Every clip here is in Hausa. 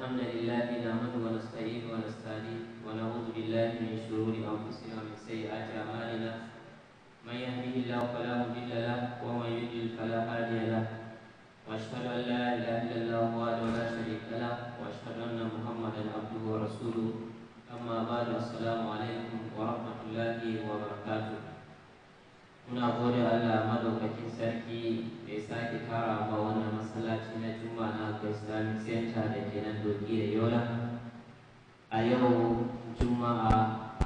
الحمد لله نحمده ونستعينه ونستهديه ونعوذ بالله من شرور انفسنا ومن سيئات اعمالنا من يهده الله فلا مضل له ومن يضلل فلا هادي له واشهد ان لا اله الا الله وحده لا شريك له واشهد ان محمدا عبده ورسوله اما بعد السلام عليكم ورحمه الله وبركاته muna gode Allah madaukakin sarki da ya sake kara wa wannan masallaci na juma na Islamic Center da ke nan doki da yola a yau juma'a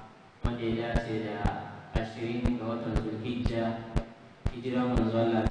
wanda ya dace da ashirin ga watan zulhijja hijiran manzo Allah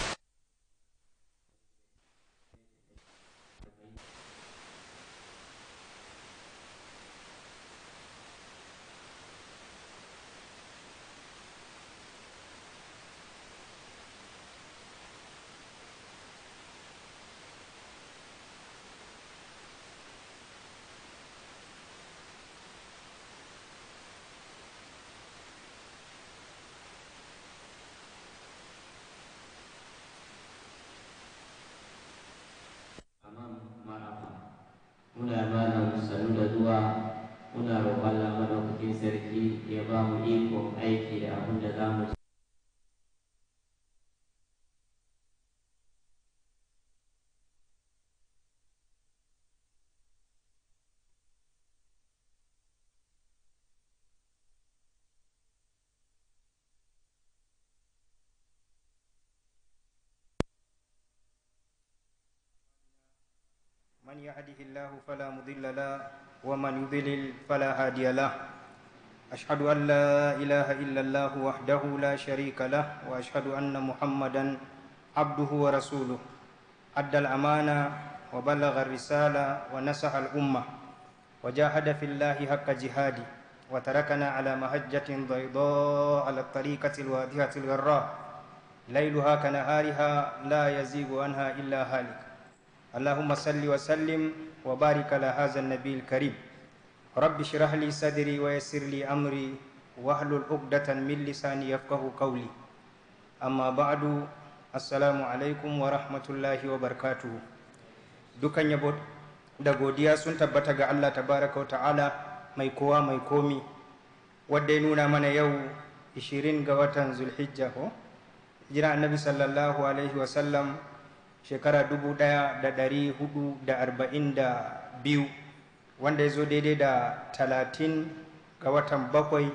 من يهده الله فلا مضل له ومن يضلل فلا هادي له أشهد أن لا إله إلا الله وحده لا شريك له وأشهد أن محمدا عبده ورسوله أدى الأمانة وبلغ الرسالة ونصح الأمة وجاهد في الله حق جهاده وتركنا على مهجة بيضاء على الطريقة الواضحة الغراء ليلها كنهارها لا يزيغ عنها إلا هالك اللهم صل وسلم وبارك على هذا النبي الكريم رب اشرح لي صدري ويسر لي امري واحلل عقدة من لساني يفقهوا قولي اما بعد السلام عليكم wa الله wa دكان dukan da godiya sun tabbata ga Allah tabaraka wa ta'ala mai kowa mai komi wadda ya nuna mana yau 20 ga watan zulhijja ko jira annabi sallallahu alaihi wa sallam shekara dubu ɗaya da dari hudu da arba'in da biyu wanda ya zo daidai da talatin ga watan bakwai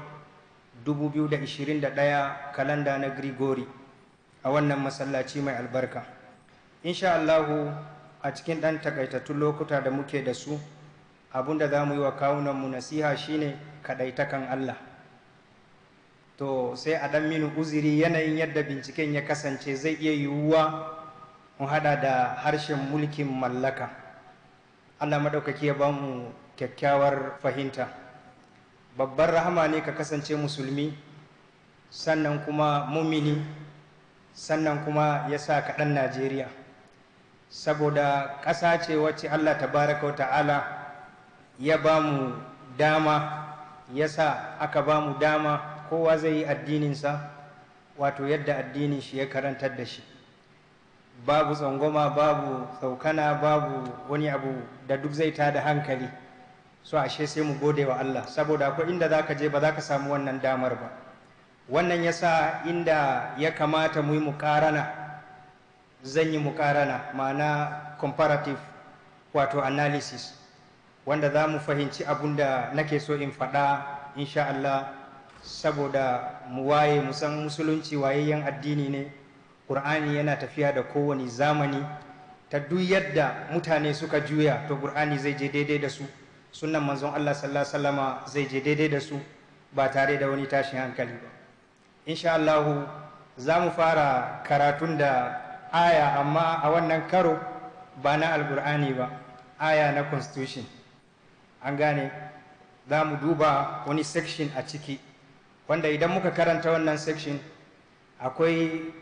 dubu biyu da ishirin da ɗaya kalanda na grigori a wannan masallaci mai albarka insha allahu a cikin ɗan takaitattun lokuta da muke da su abinda za mu yi wa kawunanmu nasiha shine kaɗaitakan allah to sai a ɗan mini uziri yanayin yadda binciken ya kasance zai iya yiwuwa mun hada da harshen mulkin mallaka allah maɗaukaki ya ba mu kyakkyawar fahimta babbar rahama ne ka kasance musulmi sannan kuma mumini sannan kuma ya sa kaɗan najeriya saboda ƙasa ce wacce allah tabaraka wa ta'ala ya ba mu dama ya sa aka ba mu dama kowa zai yi addininsa wato yadda addinin shi ya karantar da shi babu tsangwama babu saukana babu wani abu da duk zai ta da hankali so ashe sai mu gode wa Allah saboda akwai inda za ka je ba za ka samu wannan damar ba wannan ya sa inda ya kamata mu yi muƙarana zan yi muƙarana ma'ana comparative wato analysis wanda za mu fahimci abun da nake so in faɗa insha Allah saboda mu waye mu san musulunci wayayyen addini ne ƙur'ani yana tafiya da kowane zamani ta duk yadda mutane suka juya to ƙur'ani zai je daidai da su sunan manzon Allah sallallahu alaihi zai je daidai da su ba tare da wani tashin hankali ba insha Allah za mu fara karatun da aya amma a wannan karo ba na alƙur'ani ba aya na constitution an gane za mu duba wani section a ciki wanda idan muka karanta wannan section akwai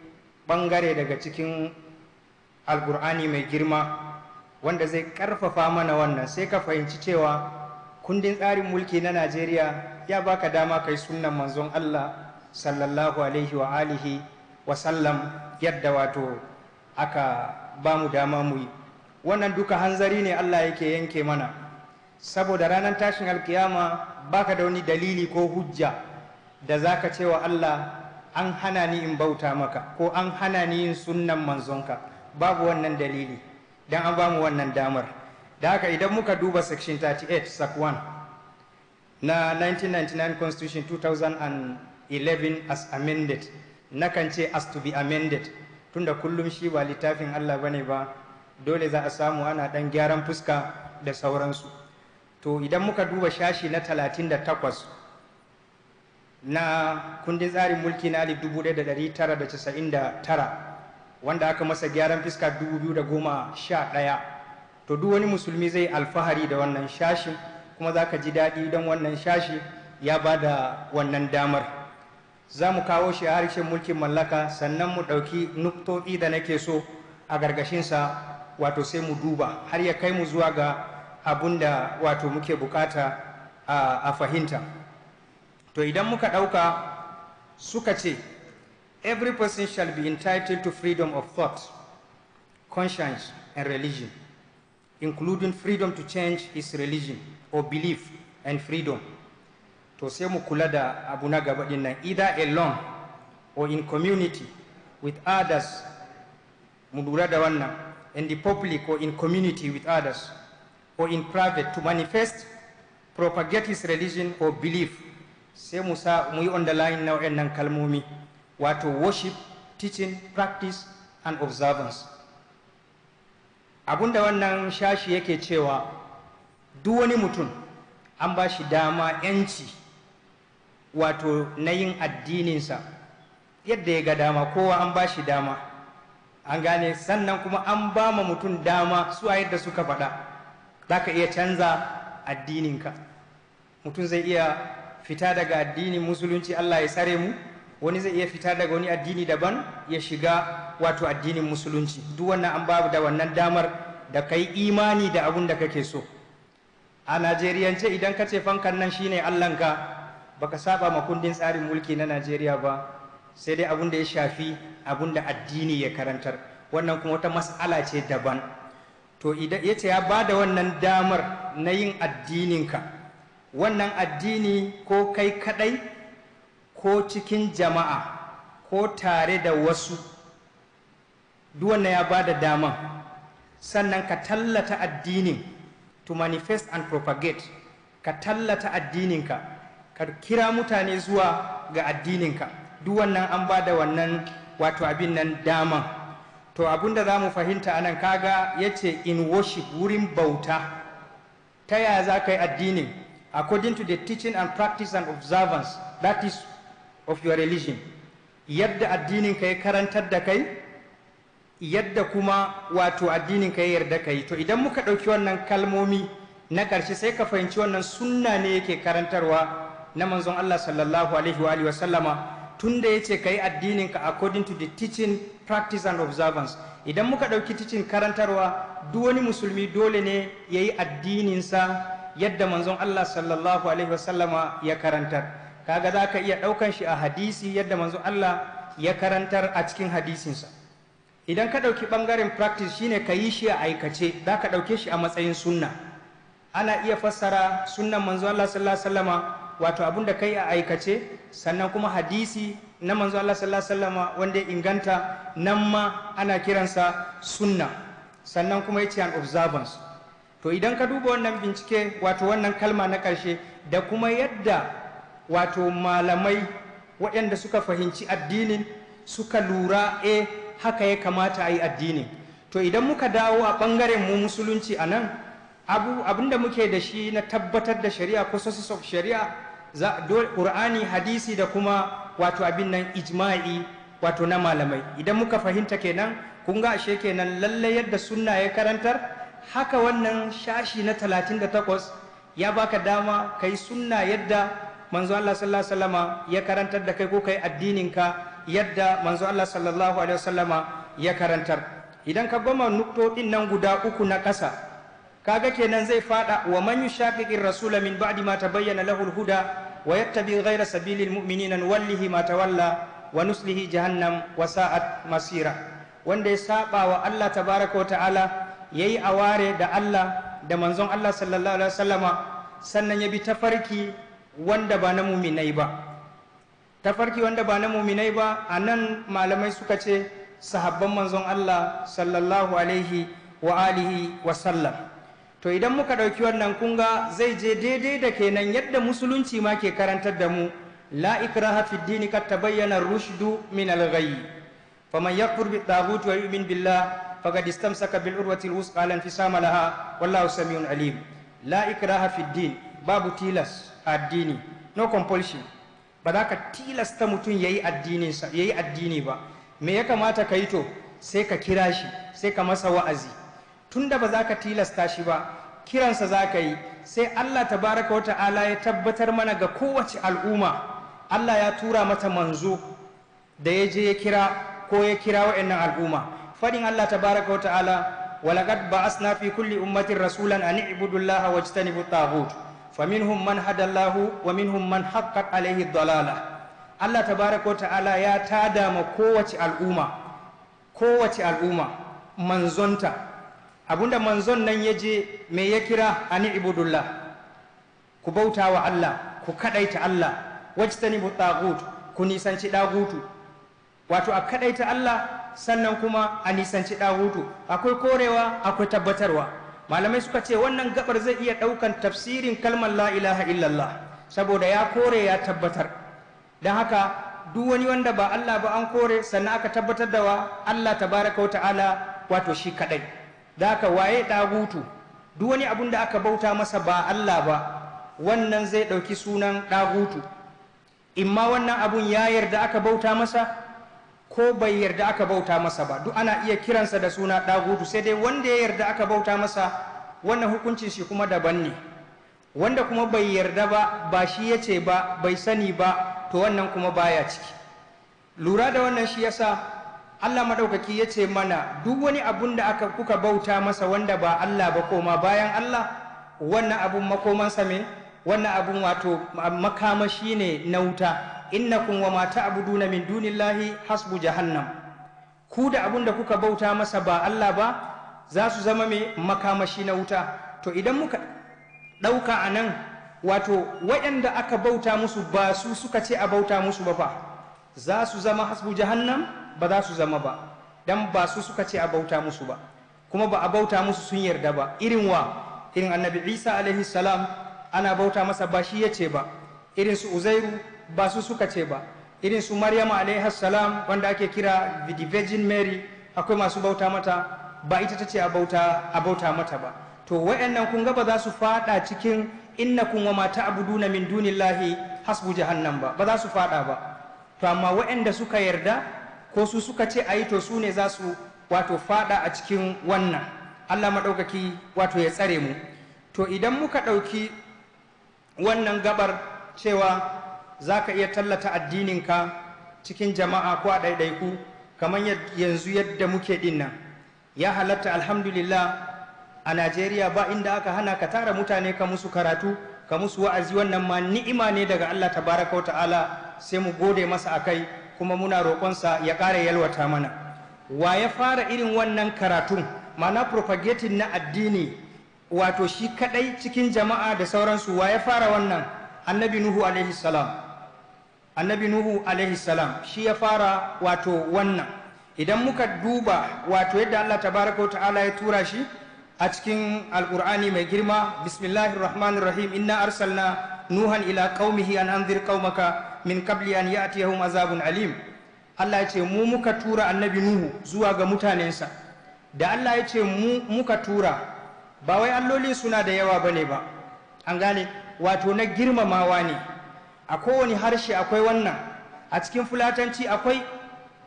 Bangare daga cikin alkur'ani mai girma wanda zai ƙarfafa mana wannan sai ka fahimci cewa kundin tsarin mulki na najeriya ya baka dama kai sunnan manzon allah sallallahu alaihi wa alihi wa sallam yadda wato aka ba mu dama mu yi wannan duka hanzari ne allah yake yanke mana saboda ranar tashin alkiyama baka da wani dalili ko hujja da zaka cewa allah an hana ni in bauta maka ko an hana ni yin sunnan manzonka babu wannan dalili dan an bamu wannan damar da haka idan muka duba section 38 sac 1 na 1999 constitution 2011 as amended na kan ce as to be amended tunda kullum shi ba littafin Allah bane ba dole za a samu ana dan gyaran fuska da sauransu to idan muka duba shashi na 38 na kundin tsarin mulki na 1999 wanda aka masa gyaran fiska 2011 to duk wani musulmi zai alfahari da wannan shashin kuma za ka ji daɗi don wannan shashi ya ba da wannan damar za mu kawo shi a harshen mulkin mallaka sannan mu ɗauki nuktoɗi da nake so a gargashinsa wato sai mu duba har ya kai mu zuwa ga abun da wato muke bukata a fahimta. to idan muka ɗauka suka ce every person shall be entitled to freedom of thought conscience and religion including freedom to change his religion or belief and freedom to sai mu kula da abu na gaba din nan either alone or in community with others mu lura da wannan in the public or in community with others or in private to manifest propagate his religion or belief sai mu sa mu yi underline na nan kalmomi wato worship teaching practice and observance abinda wannan shashi yake cewa duk wani mutum an ba shi dama yanci wato na yin addininsa yadda ya ga dama kowa an ba shi dama an gane sannan kuma an ba ma mutum dama su a yadda suka faɗa za ka iya canza addininka mutum zai iya fita daga addinin musulunci Allah ya tsare mu wani zai iya fita daga wani addini daban ya shiga wato addinin musulunci duk wannan an babu da wannan damar da kai imani da abun da kake so a najeriyance idan ka ce fankan nan shine allanka baka saba ma kundin tsarin mulki na najeriya ba sai dai abun da ya shafi abun da addini ya karantar wannan kuma wata mas'ala ce daban to idan ya bada ya bada wannan damar na yin addininka wannan addini ko kai kaɗai ko cikin jama'a ko tare da wasu duwanna ya ba da daman sannan ka tallata addinin to manifest and propagate ka tallata addininka ka kira mutane zuwa ga addininka duwannan an ba da wannan wato abin nan daman to abinda za mu fahimta anan kaga ya ce in worship wurin bauta ta yaya za ka yi addinin according to the teaching and practice and observance that is of your religion yadda addinin ka ya karantar da kai yadda kuma wato addinin ka ya yarda kai to idan muka ɗauki wannan kalmomi na ƙarshe sai ka fahimci wannan sunna ne yake karantarwa na manzon Allah sallallahu alaihi wa alihi wasallama tunda yace kai addinin ka according to the teaching practice and observance idan muka ɗauki teaching karantarwa duk wani musulmi dole ne yayi sa yadda manzon Allah sallallahu alaihi wasallama ya karantar kaga za ka iya ɗaukan shi a hadisi yadda manzon Allah ya karantar a cikin hadisinsa idan ka ɗauki ɓangaren practice shine ka yi shi a aikace za ka ɗauke shi a matsayin sunna ana iya fassara sunnan manzon Allah sallallahu alaihi wasallama wato abin da kai a aikace sannan kuma hadisi na manzo Allah sallallahu alaihi wasallama wanda ya inganta nan ma ana kiransa sunna sannan kuma yace an observance to idan ka duba wannan bincike wato wannan kalma na ƙarshe da kuma yadda wato malamai waɗanda suka fahimci addinin suka lura e haka ya kamata a yi addini to idan muka dawo a ɓangaren mu musulunci a nan abinda muke da shi na tabbatar da shari'a ko sassa of shari'a ƙur'ani hadisi da kuma wato abin nan ijma'i wato na malamai idan muka fahimta kenan kun ga ashe kenan lallai yadda sunna ya karantar haka wannan shashi na 38 ya baka dama kai sunna yadda manzo Allah sallallahu alaihi wasallama ya karantar da kai ko kai addinin ka yadda manzo Allah sallallahu alaihi wasallama ya karantar idan ka goma din nan guda uku na ƙasa kaga kenan zai fada wa man yushaqiqir rasul min ba'di ma tabayyana lahu al-huda wa yattabi ghayra sabilil mu'minina wallahi ma tawalla wa nuslihi jahannam wa sa'at masira wanda ya saba wa Allah tabaraka wa ta'ala yayi ware da Allah da manzon Allah sallallahu alaihi wasallama sannan ya bi tafarki wanda ba na muminai ba tafarki wanda ba na muminai ba a nan malamai suka ce sahabban manzon Allah sallallahu alaihi wa alihi wa sallam to idan muka ɗauki wannan kunga zai je daidai da kenan yadda musulunci ma ke karantar da mu la ikraha fi dini ka tabayyana rushdu min al-ghayy faman yakfur bi taghut wa yu'min billah فقد استمسك بالعروة الوثقى لا انفصام لها والله سميع عليم لا إكراه في الدين باب تيلس الديني no compulsion ba za ka tilasta mutum ya yi addini ba me ya kamata ka yi to sai ka kira shi sai ka masa wa'azi tunda ba za ka tilasta shi ba kiransa za ka yi sai allah tabaraka wa ta'ala ya tabbatar mana ga kowace al'umma allah ya tura mata manzo da ya je ya kira ko ya kira wa'annan al'umma fadin Allah tabaraka wa ta'ala walaqad ba'asna fi kulli ummatin rasulan an i'budu Allah wajtanibu at-taghut faminhum man hada Allah wa minhum man haqqat alayhi ad-dalalah Allah tabaraka wa ta'ala ya tada ma kowace al'umma kowace al'umma manzonta abunda manzon nan ya je me ya kira an ibudullah ku bauta wa Allah ku kadaita Allah wajtanibu at ku nisanci dagutu wato a kadaita Allah sannan kuma a nisanci ɗahutu akwai korewa akwai tabbatarwa malamai suka ce wannan gabar zai iya ɗaukan tafsirin kalmar la ilaha illallah saboda ya kore ya tabbatar don haka duk wani wanda ba Allah ba an kore sannan aka tabbatar da wa Allah tabaraka wa ta'ala wato shi kaɗai da haka waye ɗahutu duk wani abun da aka bauta masa ba Allah ba wannan zai ɗauki sunan in imma wannan abun ya yarda aka bauta masa ko bai yarda aka bauta masa ba duk ana iya kiransa da suna ɗagutu sai dai wanda ya yarda aka bauta masa wannan hukuncin shi kuma daban ne wanda kuma bai yarda ba ba shi ya ce ba bai sani ba to wannan kuma baya ciki lura da wannan shi yasa Allah maɗaukaki ya ce mana duk wani abun da aka kuka bauta masa wanda ba Allah ba koma bayan Allah wannan abun makomansa me wannan abun wato makamashi ne na wuta innakum wa ma ta'buduna min dunillahi hasbu jahannam ku da abun da kuka bauta masa ba Allah ba za su zama mai makamashi na wuta to idan muka ɗauka a nan wato waɗanda aka bauta musu ba su suka ce a bauta musu ba fa za su zama hasbu jahannam ba za su zama ba dan ba su suka ce a bauta musu ba kuma ba a bauta musu sun yarda ba irin wa irin annabi isa alaihi salam ana bauta masa ba shi ya ce ba irin su uzairu ba su suka ce ba irin su maryama alaihi salam wanda ake kira the virgin mary akwai masu bauta mata ba ita ta ce a bauta mata ba to wayannan kun ga ba za su fada cikin innakum wa mata ta'buduna min dunillahi hasbu jahannam ba ba za su fada ba to amma wayanda suka yarda ko su suka ce ayi to su ne za su wato fada a cikin wannan Allah madaukaki wato ya tsare mu to idan muka ɗauki wannan gabar cewa za ka iya tallata addininka cikin jama'a ko a ɗaiɗaiku kamar yanzu yadda muke ɗinnan. ya halatta alhamdulillah a najeriya ba inda aka hana ka tara mutane ka musu karatu ka musu wa'azi wannan ma ni'ima ne daga allah tabaraka wa ta'ala sai mu gode masa a kai kuma muna roƙonsa ya ƙara yalwata mana wa ya fara irin wannan karatun mana propagating na addini wato shi kaɗai cikin jama'a da sauransu wa ya fara wannan annabi nuhu alaihi salam annabi nuhu alaihi salam shi ya fara wato wannan idan muka duba wato yadda Allah tabaraka wa ta'ala ya tura shi a cikin alkur'ani mai girma bismillahir rahmanir rahim inna arsalna nuhan ila qaumihi an anzir qaumaka min qabli an ya'tiyahum azabun alim Allah ya ce mu muka tura annabi nuhu zuwa ga mutanensa da Allah ya ce mu muka tura ba wai alloli suna da yawa bane ba an gane wato na girmamawa ne a kowane harshe akwai wannan a cikin fulatanci akwai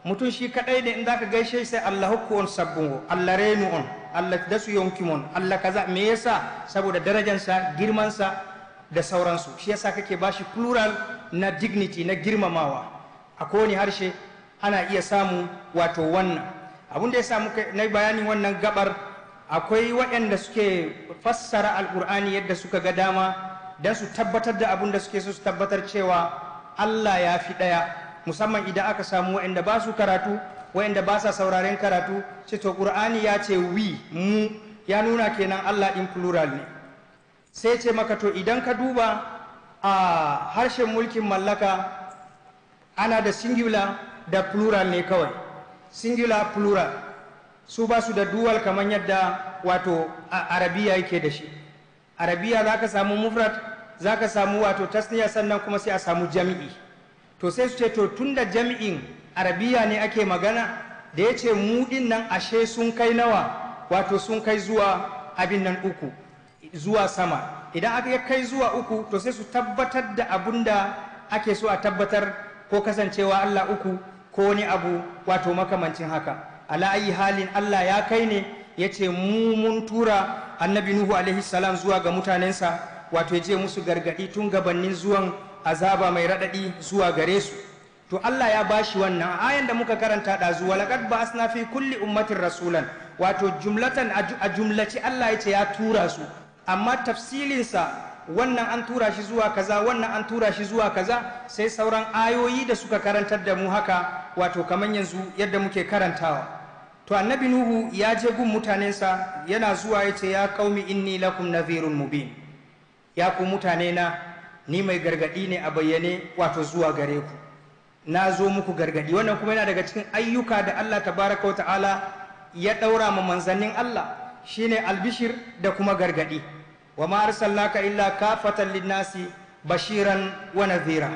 mutum shi kadai da in za ka gaishe sai Allah hukku on sabbu Allah renu on Allah dasu mon Allah kaza me yasa saboda darajansa girmansa da sauransu shi yasa kake bashi plural na dignity na girmamawa a kowane harshe ana iya samu wato wannan abin da yasa muka na bayani wannan gabar akwai waɗanda suke fassara alkur'ani yadda suka ga dama don su tabbatar da abin da suke so su tabbatar cewa Allah ya fi ɗaya musamman idan aka samu waɗanda ba su karatu waɗanda ba sa sauraren karatu ce to ƙur'ani ya ce wi mu ya nuna kenan Allah in plural ne sai ce maka to idan ka duba a harshen mulkin mallaka ana da singular da plural ne kawai singular plural su ba su da duwal kamar yadda wato arabiya yake da shi arabiya za ka samu mufrad za ka samu wato tasniya sannan kuma sai a samu jami'i to sai su ce to tun jami'in arabiya ne ake magana da ya ce mu ɗin nan ashe sun kai nawa wato sun kai zuwa abin nan uku zuwa sama idan aka kai zuwa uku to sai su tabbatar da abun da ake so a tabbatar ko kasancewa Allah uku ko wani abu wato makamancin haka ala ayi halin Allah ya kai ne ya ce mu mun tura annabi Nuhu alaihi salam zuwa ga mutanensa wato ya je musu gargaɗi tun gabanin zuwan azaba mai raɗaɗi zuwa gare su to Allah ya bashi wannan ayan da muka karanta ɗazu walaƙad ba asna fi kulli ummatin rasulan wato jumlatan a jumlaci Allah ya ce ya tura su amma tafsilinsa wannan an tura shi zuwa kaza wannan an tura shi zuwa kaza sai sauran ayoyi da suka karantar da mu haka wato kamar yanzu yadda muke karantawa to annabi nuhu ya je gun mutanensa yana zuwa ya ce ya qaumi inni lakum nadhirun mubin ya ku mutane na ni mai gargadi ne a bayyane wato zuwa gare ku na zo muku gargadi wannan kuma yana daga cikin ayyuka da Allah tabaraka wa ta'ala ya daura ma manzannin Allah shine albishir da kuma gargadi wa ma arsalnaka illa kafatan linnasi bashiran wa nadhira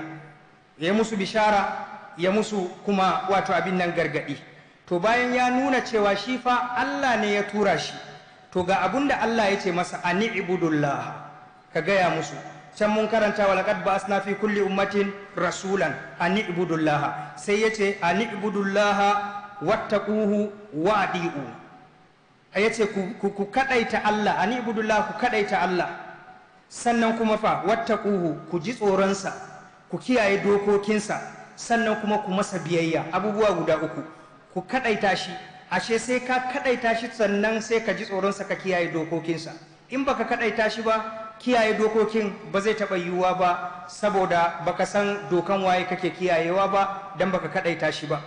ya musu bishara ya musu kuma wato abin nan gargadi to bayan ya nuna cewa shi fa Allah ne ya tura shi to ga abun da Allah ya ce masa ani ibudullah ka gaya musu can mun karanta wa laqad ba'asna fi kulli ummatin rasulan an ibudullaha sai yace an ibudullaha wattaquhu wa adi'u yace ku ku kadaita Allah an ibudullaha ku kadaita Allah sannan kuma fa wattaquhu ku ji tsoron sa ku kiyaye dokokinsa sannan kuma ku masa biyayya abubuwa guda uku ku kadaita shi ashe sai ka kadaita shi sannan sai ka ji tsoron sa ka kiyaye dokokinsa in baka kadaita shi ba kiyaye dokokin ba zai taɓa yiwuwa ba saboda baka san dokan waye kake kiyayewa ba don baka kaɗaita shi ba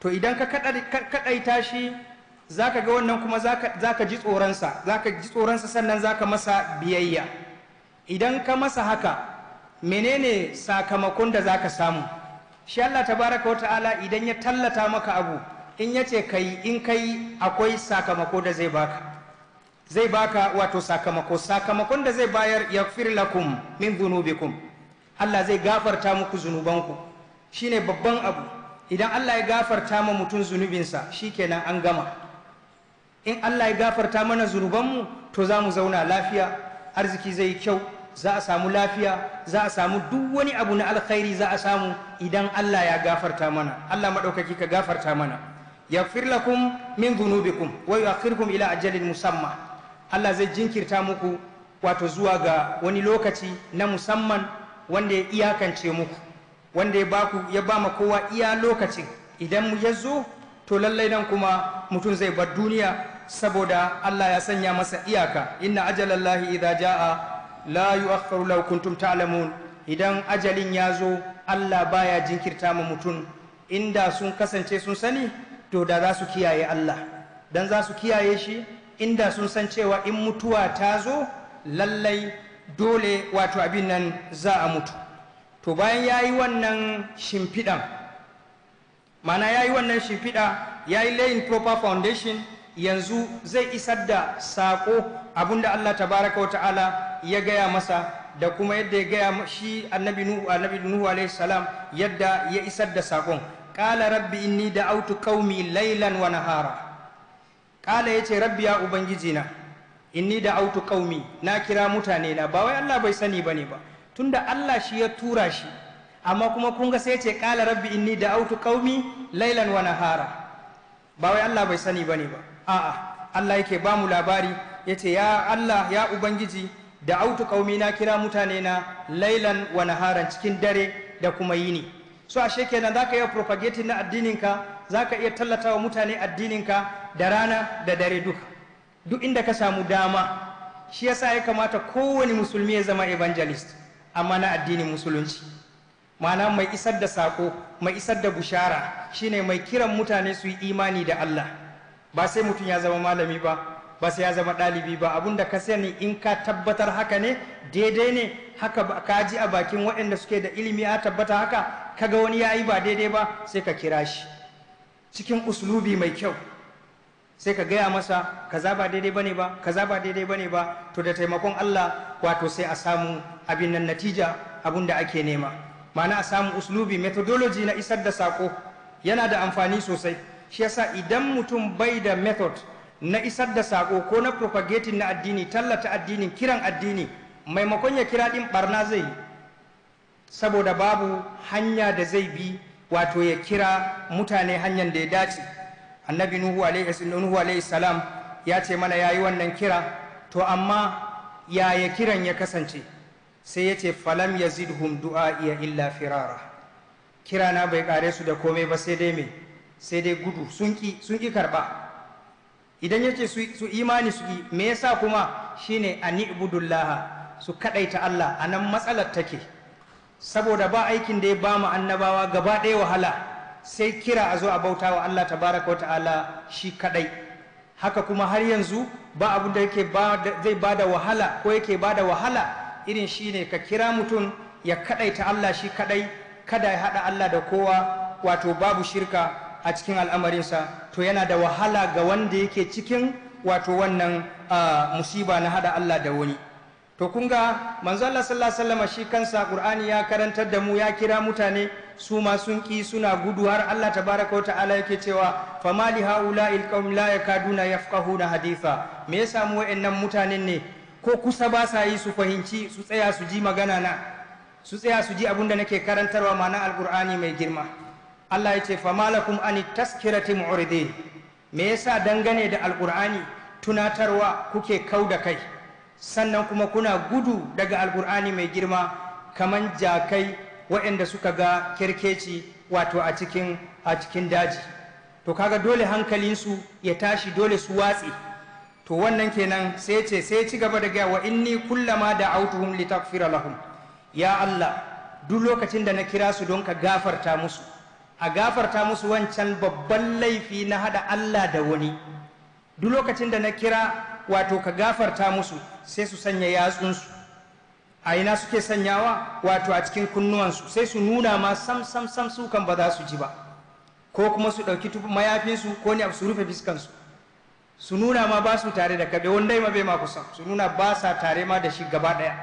to idan ka kaɗaita shi ka ga wannan kuma zaka ji tsoronsa zaka ji tsoronsa sannan za ka masa biyayya idan ka masa haka menene sakamakon da za ka samu shi Allah tabaraka wata'ala idan ya tallata maka abu in ya ce kai in kai akwai sakamako da zai baka zai baka wato sakamako sakamakon da zai bayar yaghfir lakum min dhunubikum Allah zai gafarta muku zunubanku shine babban abu idan Allah ya gafarta ma mutum zunubinsa shi kenan an gama in Allah ya gafarta mana zunubanmu to za mu zauna lafiya arziki zai kyau za a samu lafiya za a samu duk wani abu na alkhairi za a samu idan Allah ya gafarta mana Allah maɗaukaki ka gafarta mana yaghfir lakum min dhunubikum wa yu'akhirukum ila ajalin musamma Allah zai jinkirta muku wato zuwa ga wani lokaci na musamman wanda ya iyakance muku wanda ya baku ya bama kowa iya lokacin idan ya zo to lallai nan kuma mutum zai bar duniya saboda Allah ya sanya masa iyaka inna ajalallahi idza jaa la yu'akhkharu law kuntum ta'lamun idan ajalin ya zo Allah baya jinkirta ma mutum inda sun kasance sun sani to da za su kiyaye Allah dan za su kiyaye shi inda sun san cewa in mutuwa ta zo lallai dole wato abin nan za a mutu to bayan ya yi wannan shimfiɗan mana ya yi wannan shimfiɗa ya yi layin proper foundation yanzu zai isar da saƙo abinda Allah tabaraka wa ta'ala ya gaya masa da kuma yadda ya gaya shi annabi nuhu annabi nuhu alaihi salam yadda ya isar da saƙon. Ƙala rabbi inni da autu qaumi laylan wa nahara ƙala ya ce rabbi ya ubangiji na inni da autu kaumi na kira mutane na ba wai allah bai sani ba ne ba tunda allah shi ya tura shi amma kuma kun ga sai ya ce ƙala rabbi inni da autu kaumi lailan wa nahara ba wai allah bai sani ba ne ba a'a allah yake ba mu labari ya ce ya allah ya ubangiji da autu kaumi na kira mutane na lailan wa naharan cikin dare da kuma yini so ashe kenan zaka yi propagating na addininka za ka iya tallata wa mutane addininka da rana da dare duka duk inda ka samu dama shi yasa ya kamata kowane musulmi ya zama evangelist amma na addinin musulunci ma'ana mai isar da sako mai isar da bushara shine mai kiran mutane su yi imani da Allah ba sai mutum ya zama malami ba ba sai ya zama ɗalibi ba Abun da ka sani in ka tabbatar haka ne daidai ne haka ka ji a bakin waɗanda suke da ilimi a tabbata haka kaga wani ya yi ba daidai ba sai ka kira shi cikin uslubi mai kyau sai ka gaya masa kaza ba daidai bane ba kaza ba daidai bane ba to da taimakon Allah wato sai a samu abin nan natija abin da ake nema ma'ana a samu uslubi methodology na isar da sako yana da amfani sosai shi yasa idan mutum bai da method na isar da sako ko na propagating na addini tallata addinin kiran addini maimakon ya kira din barna zai saboda babu hanya da zai bi wato ya kira mutane hanyar da ya dace annabi nuhu alaihi salam ya ce mana ya yi wannan kira to amma ya yaya kiran ya kasance sai ya ce falam humdu'a iya illa firara kira na bai kare su da komai ba sai dai me sai dai gudu sun ki karɓa. karba idan yace su imani su me yasa kuma shine ani ni'budullaha su kadaita Allah a nan matsalar take saboda ba aikin da ya ba mu annabawa gaba ɗaya wahala sai kira a zo a bauta wa Allah tabaraka wa ta'ala shi kadai haka kuma har yanzu ba abin da yake zai ba da wahala ko yake ba da wahala irin shi ne ka kira mutum ya ta Allah shi kadai kada ya haɗa Allah da kowa wato babu shirka a cikin al'amarinsa to yana da wahala ga wanda yake cikin wato wannan ah, musiba na haɗa Allah da wani to kun ga manzo Allah sallallahu alaihi shi kansa Qur'ani ya karantar da mu ya kira mutane su ma sun ki suna gudu har Allah tabaraka ta'ala yake cewa famali il qaum la yakaduna yafqahuna haditha me yasa mu wayannan mutanen ne ko kusa ba sa yi su fahimci su tsaya su ji magana na su tsaya su ji abinda nake karantarwa ma'ana alqur'ani mai girma Allah ya ce famalakum an taskirati mu'ridin me yasa dangane da alqur'ani tunatarwa kuke kauda kai sannan kuma kuna gudu daga alkur'ani mai girma kaman jakai waɗanda suka ga kirkeci wato a cikin a cikin daji to kaga dole hankalinsu ya tashi dole su watsi to wannan kenan sai ce sai ci gaba da gaya wa inni kullama da autuhum takfira lahum ya Allah duk lokacin da na kira su don ka gafarta musu a gafarta musu wancan babban laifi na hada Allah da wani duk lokacin da na kira wato ka gafarta musu sai su sanya yatsunsu a ina suke sanyawa wato a cikin kunnuwansu sai su nuna ma sam sam sam su kan ba za su ji ba ko kuma su ɗauki mayafinsu ko ne su rufe fiskansu su nuna ma ba su tare da kabe wanda ma bai ma kusan su nuna ba sa tare ma da shi gaba ɗaya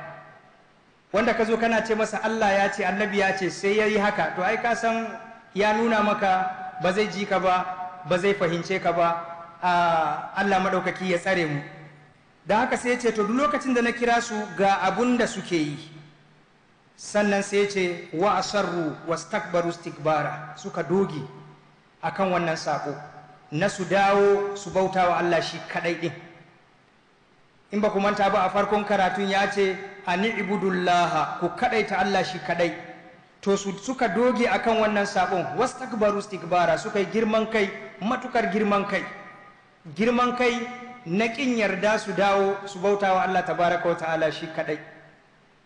wanda ka zo kana ce masa Allah ya ce annabi ya ce sai ya yi haka to ai ka san ya nuna maka ba zai ji ka ba ba zai fahimce ka ba ah, Allah maɗaukaki ya tsare mu da haka sai ce to duk lokacin da na kira su ga abun da suke yi sannan sai ce wa asarru wastakbaru stikbara suka doge akan wannan sako na su dawo su bauta wa Allah shi kadai din in ba ku manta ba a farkon karatun ya ce ani ibudullaha ku kadaita Allah shi kadai to su suka doge akan wannan sabon wastakbaru stikbara suka yi girman kai matukar girman kai girman kai na ƙin yarda su dawo su bauta wa Allah tabaraka wa ta'ala shi kaɗai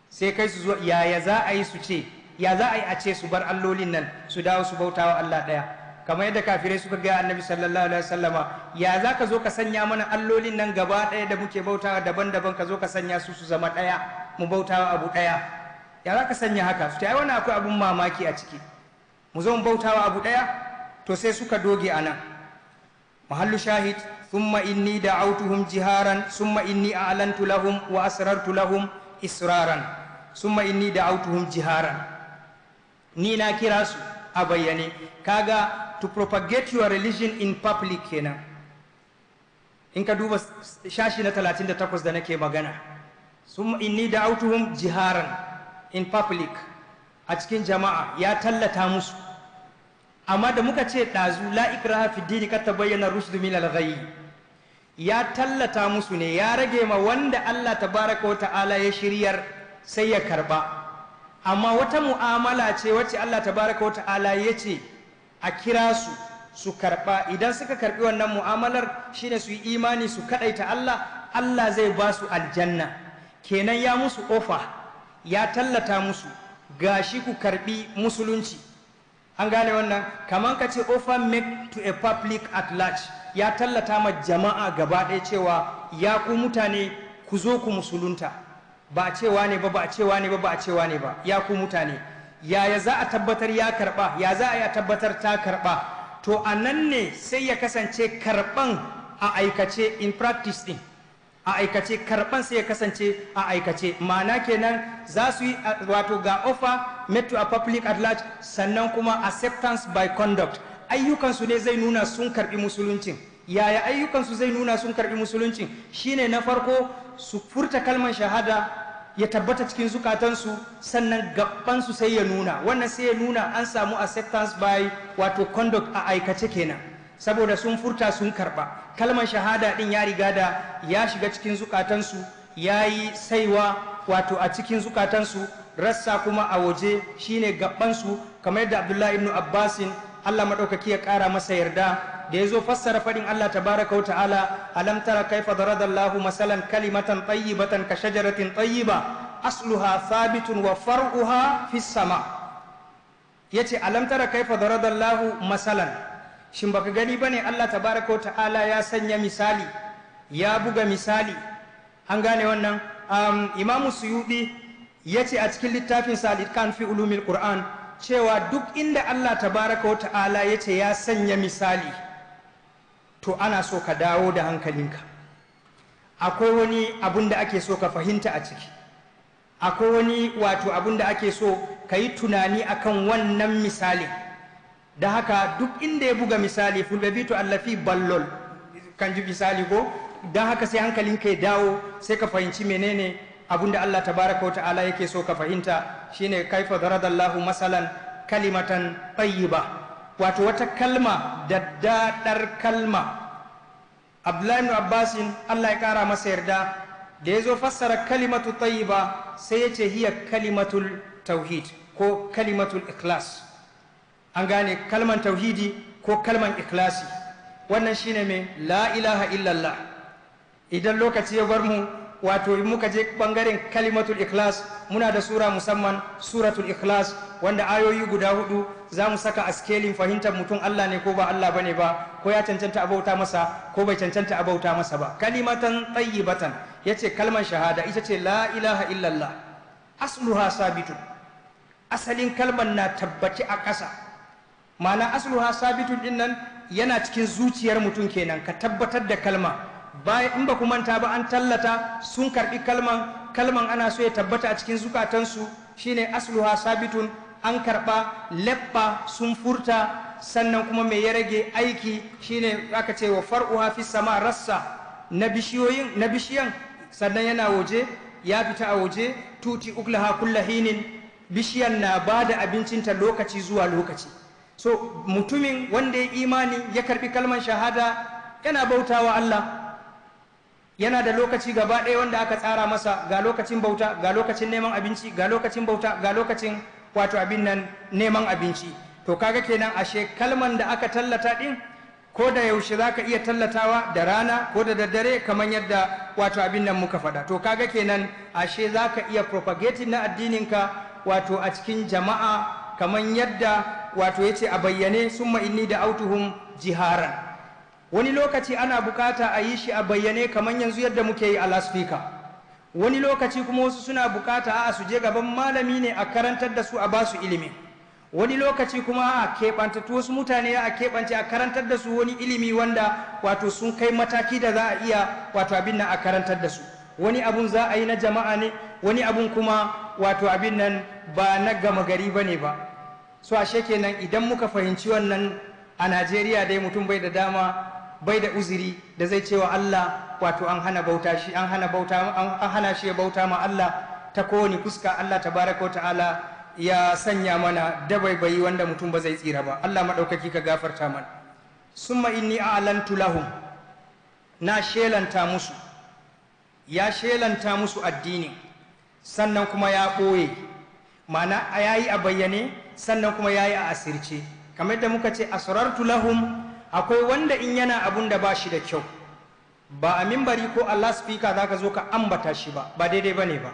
sai kai su zo yaya za a yi su ce ya za a yi a ce su bar allolin nan su dawo su bauta wa Allah ɗaya kamar yadda kafirai suka ga annabi sallallahu alaihi wasallama ya za ka zo ka sanya mana allolin nan gaba ɗaya da muke bautawa daban-daban ka zo ka sanya su su zama ɗaya mu bautawa abu ɗaya ya za ka sanya haka su ta yi wani akwai abun mamaki a ciki mu zo mu bautawa abu ɗaya to sai suka doge a nan mahallu shahid thumma inni da'awtuhum jiharan thumma inni a'lantu lahum wa asrartu lahum israran thumma inni da'awtuhum jiharan ni na kira su a bayyane kaga to propagate your religion in public kenan in ka duba shashi na 38 da nake magana summa inni da'awtuhum jiharan in public a cikin jama'a ya tallata musu amma da muka ce ɗazu la Rahafi, dini ka tabayyana rusdu min ya tallata musu ne ya rage ma wanda Allah tabaraka wata'ala ya shiryar sai ya karba amma wata mu'amala ce wacce Allah tabaraka wata'ala ya ce a kira su su karba idan suka karbi wannan mu'amalar shine su yi imani su kadaita Allah Allah zai ba su aljanna kenan ya musu ofa ya tallata musu ga shi ku karbi musulunci an gane wannan kamar ka ce offer make to a public at large ya tallata ma jama'a gaba ɗaya cewa ya ku mutane ku zo ku musulunta ba a cewa ne ba ba a cewa ne ba ba a cewa ne ba ya ku mutane yaya za a tabbatar ya karɓa ya za a ya tabbatar ta karɓa to a nan ne sai ya kasance karɓan a aikace in practice din a aikace karban sai ya kasance a aikace ma'ana kenan za su yi wato ga offer made to a public at large sannan kuma acceptance by conduct ayyukansu ne zai nuna sun karbi musuluncin yaya ayyukansu zai nuna sun karbi musuluncin shine na farko su furta kalmar shahada ya tabbata cikin zukatansu sannan gabansu sai ya nuna wannan sai ya nuna an samu acceptance by wato conduct a aikace kenan saboda sun furta sun karba kalmar shahada din ya riga da ya shiga cikin zukatansu ya yi saiwa wato a cikin zukatansu rassa kuma a waje shine gabansu kamar yadda abdullahi ibn abbasin allah maɗaukaki ya ƙara masa yarda da ya zo fassara faɗin allah tabaraka wa ta'ala alam tara kaifa allah masalan kalimatan tayyibatan ka shajaratin tayyiba asluha thabitun wa far'uha fis sama yace alam tara kaifa allah masalan shin baka gani ba ne Allah tabaraka wa ta'ala ya sanya misali ya buga misali an gane wannan um, imamu ya ce a cikin littafin salikan fi ulumin qur'an cewa duk inda Allah tabaraka wa ta'ala ya ce ya sanya misali to ana so ka dawo da hankalinka akwai wani abun da ake so ka fahimta a ciki akwai wani wato abun da ake so ka yi tunani akan wannan misali. da haka duk inda ya buga misali fulbe bito allafi ballol kan ji misali ko da haka sai ka ya dawo sai ka fahimci menene abinda Allah tabaraka wa ta'ala yake so ka fahimta shine kaifa daradallahu masalan kalimatan tayyiba wato wata kalma da dadar kalma Abdullahi ibn Abbasin Allah ya kara masa yarda da ya zo fassara kalimatu tayyiba sai ya ce hiya kalimatul tauhid ko kalimatul ikhlas an gane kalman tauhidi ko kalman ikhlasi wannan shine mai la illallah idan lokaci ya bar mu wato muka je bangaren kalimatul ikhlas muna da sura musamman suratul ikhlas wanda ayoyi guda hudu za mu saka a skelin fahimtar mutum Allah ne ko ba Allah bane ba ko ya cancanta abauta masa ko bai cancanta abauta masa ba kalimatan tayyibatan yace kalman shahada ita ce la ilaha illallah asluha sabitu asalin kalman na tabbaci a ƙasa ma'ana asluha sabitun din nan yana cikin zuciyar mutum kenan ka tabbatar da kalma bayan in ba ku manta ba an tallata sun karbi kalman kalman ana so ya tabbata a cikin zukatansu shine asluha sabitun an karba leppa sun furta sannan kuma mai ya rage aiki shine aka ce wa far'uha fi sama rassa na bishiyoyin na bishiyan sannan yana waje ya fita a waje tuti uklaha kullahinin bishiyan na bada abincinta lokaci zuwa lokaci so mutumin wanda ya imani ya karbi kalmar shahada yana bautawa Allah yana da lokaci gaba ɗaya wanda aka tsara masa ga lokacin bauta ga lokacin neman abinci ga lokacin bauta ga lokacin wato abin nan neman abinci to kaga kenan ashe kalman da aka tallata din ko da yaushe za ka iya tallatawa da rana ko da daddare kamar yadda wato abin nan muka faɗa to kaga kenan ashe za ka iya propagating na addininka wato a cikin jama'a kamar yadda wato ya ce a bayyane summa inni da autuhum jiharan wani lokaci ana bukata a yi shi a bayyane kamar yanzu yadda muke yi a laspika wani lokaci kuma wasu suna bukata a su je gaban malami ne a karantar da su a basu ilimi wani lokaci kuma a keɓanta wasu mutane a keɓance a karantar da su wani ilimi wanda wato sun kai mataki da za a iya wato abin nan a karantar da su wani abun za a yi na jama'a ne wani abun kuma wato abin nan ba na gama gari ba ne ba su ashe kenan idan muka fahimci wannan a najeriya dai mutum bai da dama bai da uziri da zai cewa allah wato an hana bauta shi an hana bauta an hana shi ya bauta ma allah ta kowane fuska allah ta wa ta'ala ya sanya mana dabaibayi wanda mutum ba zai tsira ba allah maɗaukaki ka gafarta mana summa inni a'lantu lahum na shelanta musu ya shelanta musu addini sannan kuma ya ɓoye mana yayi a bayyane sannan kuma yayi a asirce kamar da muka ce asrartu lahum akwai wanda in yana abun da ba shi da kyau ba a mimbari ko Allah speaker zaka zo ka ambata shi ba ba daidai bane ba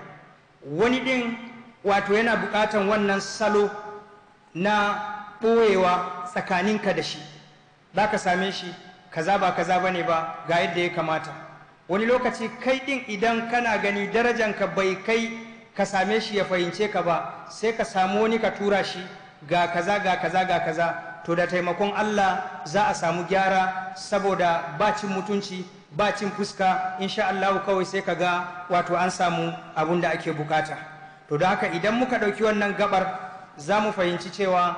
wani ɗin wato yana bukatan wannan salo na ɓoyewa tsakaninka da shi za ka same shi kaza ba kaza bane ba ga yadda ya kamata wani lokaci kai ɗin idan kana gani darajanka bai kai ka same shi ya fahimce ka ba sai ka samu wani ka tura shi ga kaza ga kaza ga kaza to da taimakon Allah za a samu gyara saboda ba cin mutunci ba cin fuska in sha Allah kawai sai ka ga wato an samu abun da ake bukata to da haka idan muka ɗauki wannan gabar za mu fahimci cewa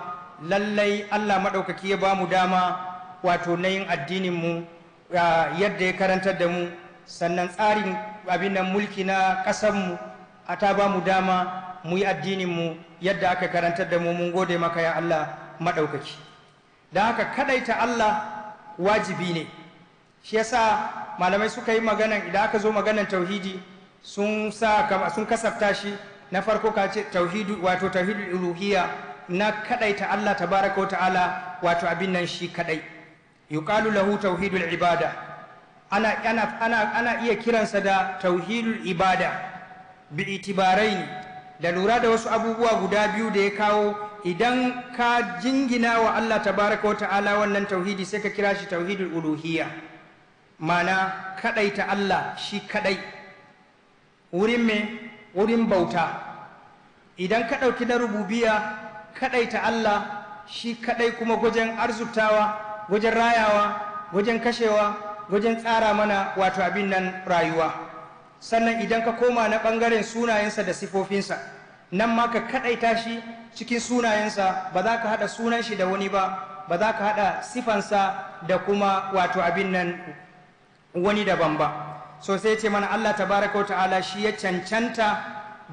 lallai Allah maɗaukaki ya ba mu dama wato na yin addininmu ah, yadda ya karantar da mu sannan tsarin abin nan mulki na mu. a ta ba mu dama mu yi addininmu yadda aka karantar da mu mun gode maka ya Allah maɗaukaki da haka kaɗaita Allah wajibi ne shi yasa malamai suka yi maganan idan aka zo maganan tauhidi sun sa sun kasafta shi na farko ka ce tauhidu wato Tauhidu uluhiyya na kaɗaita Allah tabaraka wa ta'ala wato abin nan shi kaɗai yuqalu lahu tauhidul ibada ana ana, ana iya kiransa da tauhidul ibada ne da lura da wasu abubuwa guda biyu da ya kawo idan ka jingina wa Allah tabaraka wa ta'ala wannan tauhidi sai ka kira shi tauhidul uluhiyya mana kadaita Allah shi kadai wurin me wurin bauta idan ka ɗauki na rububiya kadaita Allah shi kadai kuma wajen arzutawa wajen rayawa wajen kashewa wajen tsara mana wato abin nan rayuwa sannan idan ka koma na ɓangaren sunayensa da sifofinsa nan ma ka kaɗaita shi cikin sunayensa ba za ka haɗa sunan shi da wani ba ba za ka haɗa sifansa da kuma wato abin nan wani daban ba so sai ce mana Allah tabaraka wa ta'ala shi ya cancanta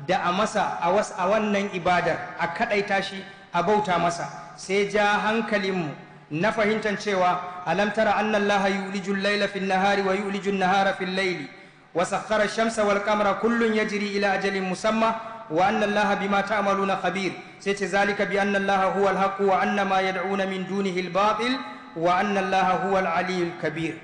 da a masa a wannan ibadar a kaɗaita shi a bauta masa sai ja hankalinmu na fahimtar cewa alam tara anna allaha laila fil nahari wa yulijul nahara fil laili wa sakhara shamsa wal kamara kullun ya jiri ila ajalin musamman wa an bi mata amalu na Kabir sai ce zalika bi an lallaha huwa alhaku wa an na ma yadda una min duni hilbabil wa an lallaha kabir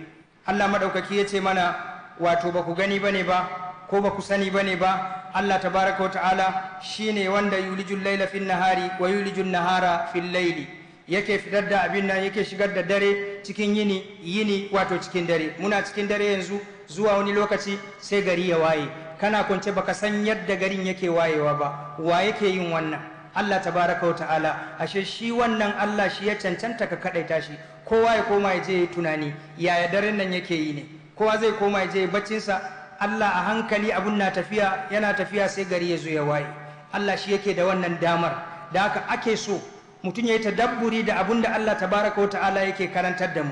allah maɗaukaki ya ce mana wato ba ku gani ba ne ba ko ba ku sani ba ne ba allah ta baraka ta'ala shi ne wanda yuli jun laila fin nahari wa yuli jun nahara fin laili yake fitar da abin nan yake shigar da dare cikin yini yini wato cikin dare muna cikin dare yanzu zuwa wani lokaci sai gari ya waye kana kwance baka san yadda garin yake wayewa ba wa yake yin wannan Allah tabaraka wa ta'ala ashe shi wannan Allah shi ya cancanta ka kadaita shi kowa ya koma ya je tunani yaya daren nan yake yi ne kowa zai koma ya je baccinsa Allah a hankali abun na tafiya yana tafiya sai gari ya zo ya waye Allah shi yake da wannan damar da haka ake so mutum ya yi ta dabburi da abun da Allah tabaraka wa ta'ala yake karantar da mu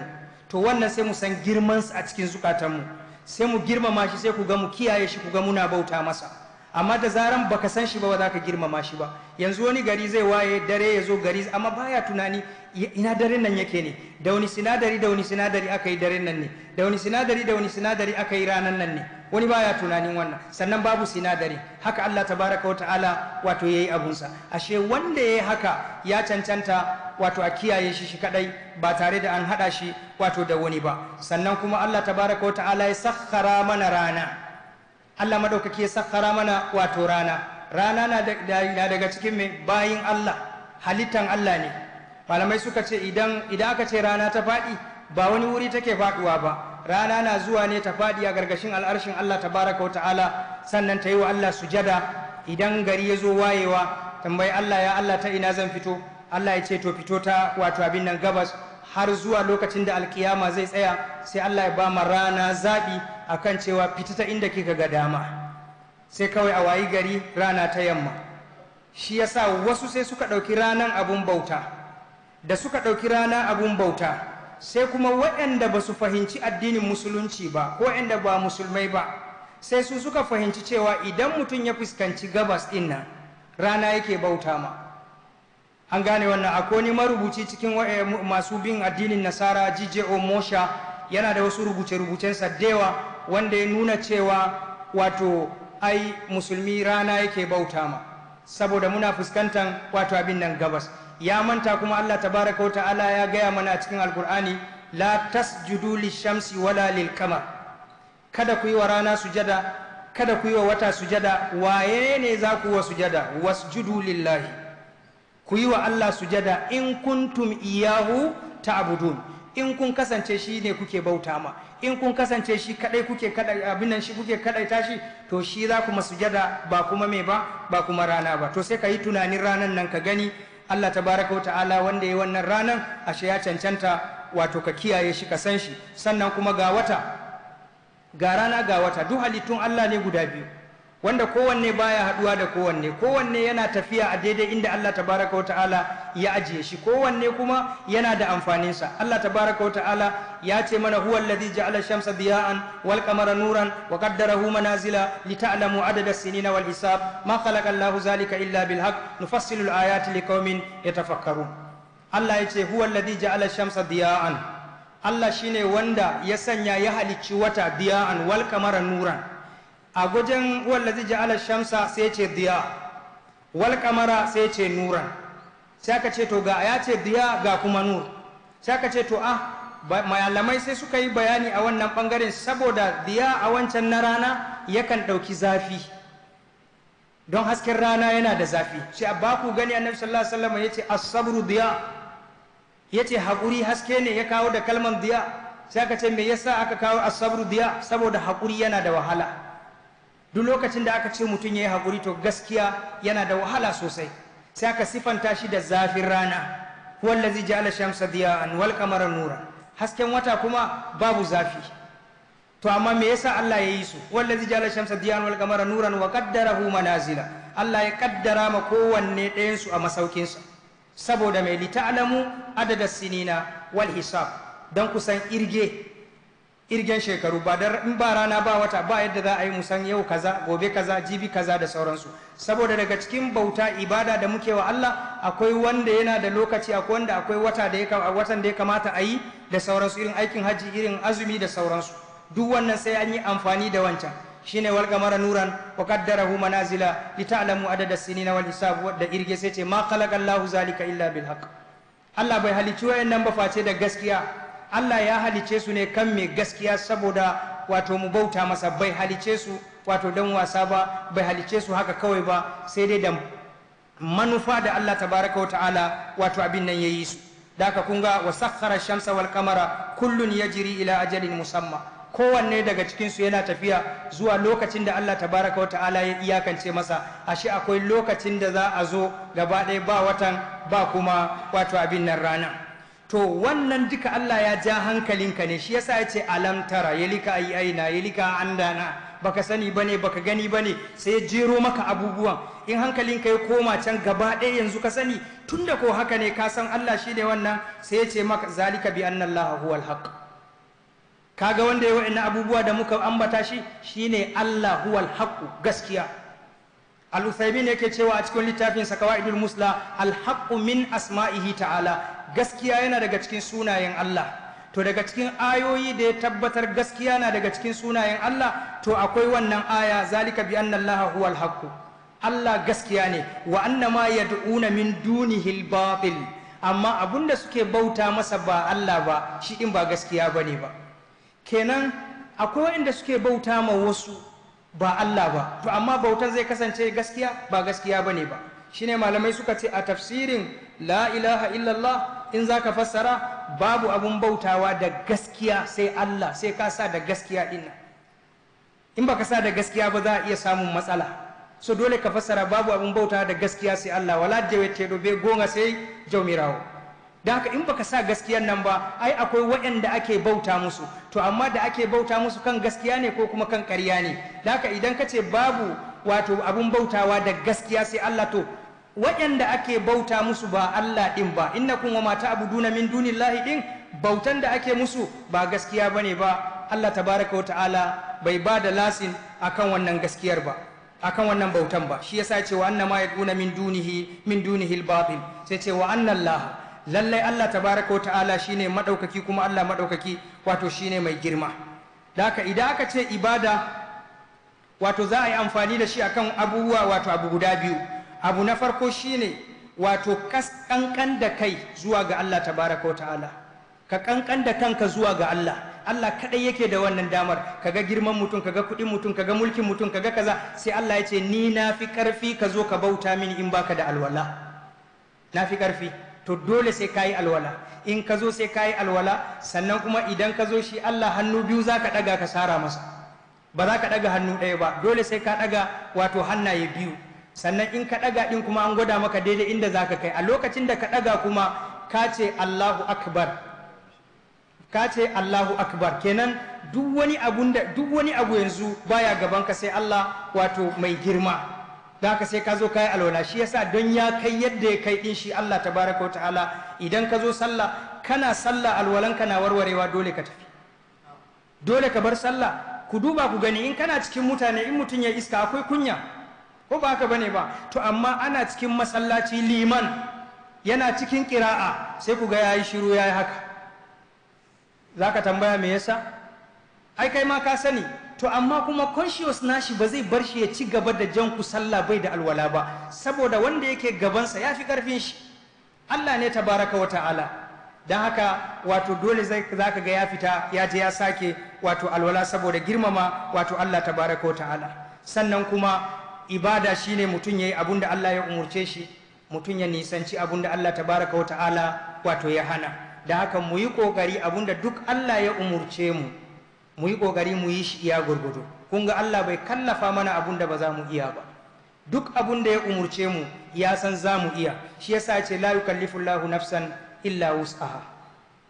to wannan sai mu san girmansa a cikin zukatanmu sai mu girmama shi sai ku ga mu kiyaye shi ku ga muna bauta masa amma da zaran baka san shi ba ba za ka girmama shi ba yanzu wani gari zai waye dare ya zo gari amma baya tunani ina daren nan yake ne da wani sinadari da wani sinadari aka yi daren nan ne da wani sinadari da wani sinadari aka yi ranan nan ne wani baya tunanin wannan sannan babu sinadari haka Allah tabaraka wata'ala wato yayi abunsa ashe wanda yayi haka ya cancanta wato a kiyaye shi shi kadai ba tare da an hada shi wato da wani ba sannan kuma Allah tabaraka wata'ala ya sakhara mana rana Allah madaukaki ya sakkara mana wato rana rana na daga cikin mai bayin Allah halittan Allah ne malamai suka ce idan idan aka ce rana ta faɗi ba wani wuri take faɗuwa ba rana na zuwa ne ta faɗi a gargashin al'arshin Allah tabaraka wa ta'ala sannan ta yi wa Allah sujada idan gari ya zo wayewa tambayi Allah ya Allah ta ina zan fito Allah ya ce to fito ta wato abin nan gabas har zuwa lokacin da alkiyama zai tsaya sai Allah ya ba mu rana zaɓi akan cewa fita ta inda kika ga dama sai kawai a wayi gari rana ta yamma shi yasa wasu sai suka ɗauki ranan abun bauta da suka ɗauki rana abun bauta sai kuma waɗanda ba su fahimci addinin musulunci ba ko waɗanda ba musulmai ba sai su suka fahimci cewa idan mutum ya fuskanci gabas ɗin nan rana yake bauta ma an gane wannan akwai wani marubuci cikin eh, masu bin addinin nasara Jijo mosha yana da wasu rubuce rubucen dewa wanda ya nuna cewa wato ai musulmi rana yake bauta ma saboda muna fuskantar wato abin nan gabas ya manta kuma allah tabaraka wa ta'ala ya gaya mana a cikin alkur'ani la tasjudu lishamsi wala lil kamar kada ku yi wa rana sujada kada ku yi wa wata sujada waye ne za ku wa sujada wasjudu lillahi ku yi wa Allah sujada in kuntum iyahu ta'budun in kun kasance shi ne kuke bauta ma in kun kasance shi kadai kuke kadai abin nan shi kuke kadai tashi to shi za kuma sujada ba kuma me ba ba kuma rana ba to sai ka yi tunanin ranan nan ka gani Allah tabaraka wa ta'ala wanda ya yi wannan ranan ashe ya cancanta wato ka kiyaye shi ka san shi sannan kuma ga wata ga rana ga wata duk halittun Allah ne guda biyu wanda kowanne baya haduwa da kowanne kowanne yana tafiya a daidai inda Allah tabaraka wata'ala ya ajiye shi kowanne kuma yana da amfaninsa. Allah tabaraka wata'ala ya ce mana huwa allazi ja'ala shamsa diya'an wal qamara nuran wa qaddarahu manazila lita'lamu adada sinina wal hisab ma khalaqa Allahu zalika illa bil haqq nufassilu al ayati liqaumin yatafakkarun Allah ya ce huwa allazi ja'ala shamsa diya'an Allah shine wanda ya sanya ya halicci wata diya'an wal qamara nuran a wajen wallazi ja'ala shamsa sai ce diya wal kamara sai ce nuran sai aka ce to ga ya ce diya ga kuma nur sai aka ce to ah, a mayalamai sai suka yi bayani a wannan bangaren saboda diya a wancan na rana yakan ɗauki zafi don hasken rana yana da zafi shi a baku gani nafi sallallahu alaihi wasallam yace ce sabru diya ce haƙuri haske ne ya kawo da kalman diya sai aka ce me yasa aka kawo asabru sabru diya saboda haƙuri yana da wahala duk lokacin da aka ce mutum ya yi haƙuri to gaskiya yana da wahala sosai sai aka sifanta shi da zafin rana zai jala shamsa diya'an wal kamarar nura hasken wata kuma babu zafi to amma me yasa Allah ya yi su zai jala shamsa diya'an wal kamarar nura wa qaddarahu manazila Allah ya kaddara ma kowanne ɗayansu a masaukinsa saboda mai lita'lamu adada sinina wal hisab Don kusan irge irgen shekaru ba da in ba rana ba wata ba yadda za a yi musan yau kaza gobe kaza jibi kaza da sauransu saboda daga cikin bauta ibada da muke wa Allah akwai wanda yana da lokaci akwai wanda akwai wata da ya watan da ya kamata a yi da sauransu irin aikin haji irin azumi da sauransu duk wannan sai an yi amfani da wancan shine walgamara nuran wa qaddarahu manazila lita'lamu adada sinina wal hisab da irge sai ce ma khalaqallahu zalika illa bil haqq Allah bai halicci wayannan ba face da gaskiya Allah ya halice su ne kan mai gaskiya saboda wato mu bauta masa bai halice su wato dan wasa ba bai halice su haka kawai ba sai dai da manufa da Allah tabaraka wa ta'ala wato abin nan yayi su da kunga kun ga wa sakhara shamsa wal kullum kullun yajri ila ajalin musamma kowanne daga cikinsu yana tafiya zuwa lokacin da Allah tabaraka wa ta'ala ya iyakance masa ashe akwai lokacin da za a zo gaba ɗaya ba watan ba kuma wato abin nan rana to wannan duka Allah ya ja hankalinka ne shi yasa yace alam tara yalika ai aina yalika andana baka sani bane baka gani bane sai ya jero maka abubuwan in hankalinka ya koma can gaba ɗaya yanzu ka sani tunda ko haka ne ka san Allah shi ne wannan sai yace maka zalika bi anna Allah huwal haqq kaga wanda ya wa'annan abubuwa da muka ambata shi shine Allah huwal haqq gaskiya al-uthaymin yake cewa a cikin littafin sa musla al-haqqu min asma'ihi ta'ala gaskiya yana daga cikin sunayen Allah to daga cikin ayoyi da ya tabbatar gaskiya na daga cikin sunayen Allah to akwai wannan aya zalika bi anna Allah huwal haqq Allah gaskiya ne wa anna ma yad'una min dunihi al-batil amma abunda suke bauta masa ba Allah ba shi din ba gaskiya bane ba kenan akwai wanda suke bauta ma wasu ba Allah ba to amma bautan zai kasance gaskiya ba gaskiya bane ba shine malamai suka ce a tafsirin la ilaha illallah in zaka fassara babu abun bautawa da gaskiya sai Allah sai ka sa da gaskiya dinna in baka sa da gaskiya ba za a iya samun matsala so dole ka fassara babu abun bautawa da gaskiya sai Allah wala jawete do be gonga sai jawmirawo da haka in baka sa gaskiyar nan ba ai akwai waɗanda ake bauta musu to amma da ake bauta musu kan gaskiya ne ko kuma kan ƙarya ne da haka idan ka ce babu wato abun bautawa da gaskiya sai Allah to waɗanda ake bauta musu ba Allah ɗin ba kun wa mata abuduna min dunillahi ɗin bautan da ake musu ba gaskiya bane ba Allah tabaraka wa ta'ala bai ba da lasin akan wannan gaskiyar ba akan wannan bautan ba shi yasa ce wa annama yaduna min dunihi min dunihi al sai ce wa anna lallai Allah tabaraka wa ta'ala shine madaukaki kuma Allah madaukaki wato shine mai girma ka idan aka ce ibada wato za a yi amfani da shi akan abubuwa wato abu guda biyu abu na farko shine wato kankan da kai zuwa ga Allah tabaraka wa ta'ala ka kankan da kanka zuwa ga Allah Allah kaɗai yake da wannan damar kaga girman mutum kaga kuɗin mutum kaga mulkin mutum kaga kaza sai Allah ya ce ni na fi karfi ka zo ka bauta mini in baka da alwala na fi karfi to dole sai kayi alwala in ka zo sai kayi alwala sannan kuma idan ka zo shi Allah hannu biyu za ka ɗaga ka sara masa ba za ka ɗaga hannu ɗaya ba dole sai ka ɗaga wato hannaye biyu sannan in ka ɗaga ɗin kuma an gwada maka daidai inda za ka kai a lokacin da ka ɗaga kuma ka ce Allahu akbar ka ce Allahu akbar kenan duk wani abu yanzu baya gaban ka sai Allah wato mai girma da haka sai ka zo ka yi alwala shi yasa don ya kai yadda ya kai din shi Allah tabaraka wa ta'ala idan ka zo sallah kana sallah alwalanka na warwarewa dole ka tafi dole ka bar sallah ku duba ku gani in kana cikin mutane in mutum ya iska akwai kunya ko ba haka bane ba to amma ana cikin masallaci liman yana cikin kira'a sai ku ga yayi shiru yayi haka zaka tambaya me yasa ai kai ma ka sani to amma kuma conscious nashi ba zai bar shi ya ci gaba da jan ku sallah bai da alwala ba saboda wanda yake gabansa ya fi karfin shi Allah ne tabaraka wa ta'ala don haka wato dole zai zaka ga ya fita ya je ya sake wato alwala saboda girmama wato Allah tabaraka wa ta'ala sannan kuma ibada shine mutum yayi abun da Allah ya umurce shi mutum ya nisanci abun da Allah tabaraka wa ta'ala wato ya hana da haka mu yi kokari abun da duk Allah ya umurce mu mu yi ƙoƙari mu yi shi iya gurgudu kun ga Allah bai kallafa mana abun da ba za mu iya ba duk abun da ya umurce mu ya san za mu iya shi yasa ce la yukallifu Allahu nafsan illa wus'aha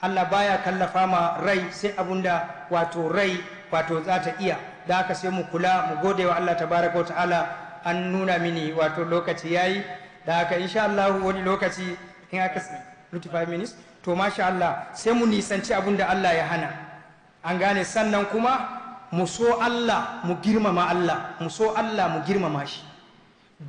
Allah baya kallafa ma rai sai abun da wato rai wato za ta iya da haka sai mu kula mu gode wa Allah tabaraka wa ta'ala an nuna mini wato lokaci yayi da haka insha Allah wani lokaci in aka 25 minutes to masha Allah sai mu nisanci abun da Allah ya hana an gane sannan kuma mu so Allah mu girmama Allah mu so Allah mu girmama shi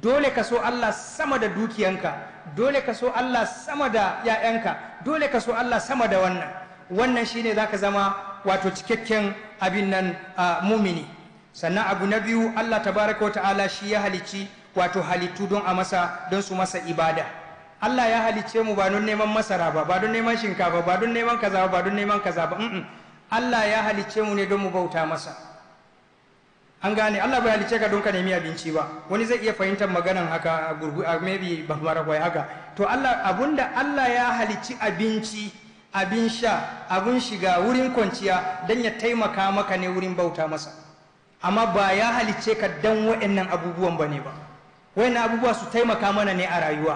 dole ka so Allah sama da dukiyanka dole ka so Allah sama da 'ya'yanka dole ka so Allah sama da wannan wannan shine zaka zama wato cikakken abin nan mumini sannan abu na biyu Allah tabaraka wa ta'ala shi ya halicci wato halittu don a masa don su masa ibada Allah ya halicce mu ba don neman masara ba ba don neman shinkafa ba don neman kaza ba don neman kaza ba Allah ya halicce mu ne don mu bauta masa an gane Allah bai halicce ka don ka nemi abinci ba wani zai iya fahimtar maganan haka a gurgu a maybe ba mara kwai haka to Allah abunda Allah ya halicci abinci abin sha abin shiga wurin kwanciya don ya taimaka maka ne wurin bauta masa amma ba ya halicce ka don waɗannan abubuwan ba ne ba na abubuwa su taimaka mana ne a rayuwa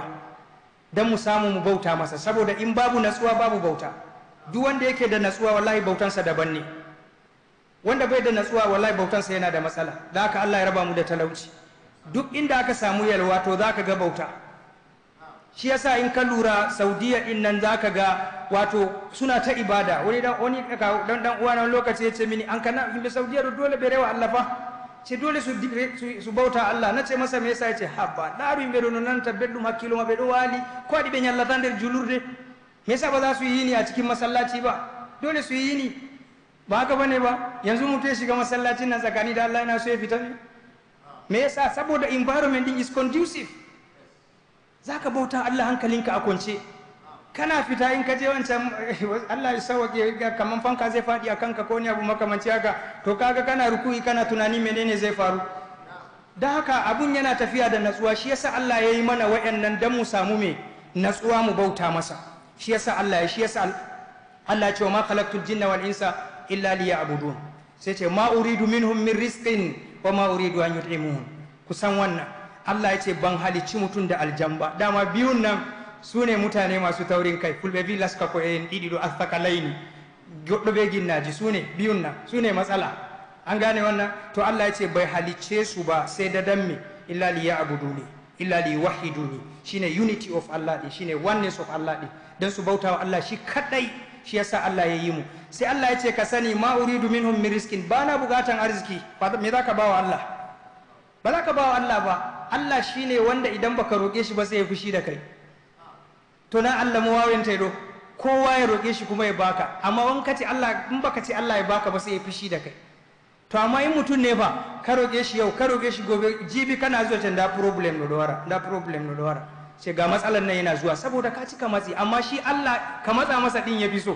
don mu samu mu bauta masa saboda in babu natsuwa babu bauta duk wanda yake da natsuwa wallahi bautansa daban ne wanda bai da natsuwa wallahi bautansa yana da matsala da haka Allah ya raba mu da talauci duk inda aka samu yalwa to za ka ga bauta shi yasa in ka lura saudiya din nan za ka ga wato suna ta ibada wani dan wani dan dan uwa na lokaci ya ce mini an kana in saudiya dole bai rewa Allah fa ce dole su su bauta Allah na ce masa me yasa ya ce habba daru imbe non nan ta beddu makkilo ma wali ko adi ben Allah tan der julurde me yasa ba za su yi ni a cikin masallaci ba dole su yi ni ba haka bane ba yanzu mutum ya shiga masallacin nan tsakani da Allah yana so ya fita ne me yasa saboda environment din is conducive zaka bauta Allah hankalinka a kwance kana fita in ka je wancan Allah ya sauke kaman fanka zai fadi a kanka ko ne abu makamanci haka to kaga kana ruku'i kana tunani menene zai faru da haka abun yana tafiya da natsuwa shi yasa Allah ya yi mana wa'annan dan mu samu me natsuwa mu bauta masa shi yasa Allah ya shi yasa Allah ya ce ma khalaqtul jinna wal insa illa liya'budun sai ce ma uridu minhum min rizqin wa ma uridu an yut'imun kusan wannan Allah ya ce ban halicci mutun da aljamba dama biyun nan sune mutane masu taurin kai kulbe bi laska ko en do astakalaini goddo be ginnaji biyun nan sune matsala an gane wannan to Allah ya ce bai halicce su ba sai da damme illa liya'buduni illa li wahiduni shine unity of Allah din shine oneness of Allah din dan su bautawa Allah shi kadai shi yasa Allah ya yi mu sai Allah ya ce ka sani ma uridu minhum min riskin bana bukatan arziki me za ka bawa Allah ba za ka bawa Allah ba Allah shine wanda idan baka roƙe shi ba sai ya fushi da kai to na Allah mu wawen taido kowa ya roƙe shi kuma ya baka amma in Allah in baka ce Allah ya baka ba sai ya fushi da kai to amma in mutum ne ba ka roƙe shi yau ka roƙe shi gobe jibi kana zuwa can da problem no dawara da problem no dawara sai ga matsalar nan yana zuwa saboda ka cika matsi amma shi Allah ka matsa masa din ya fi so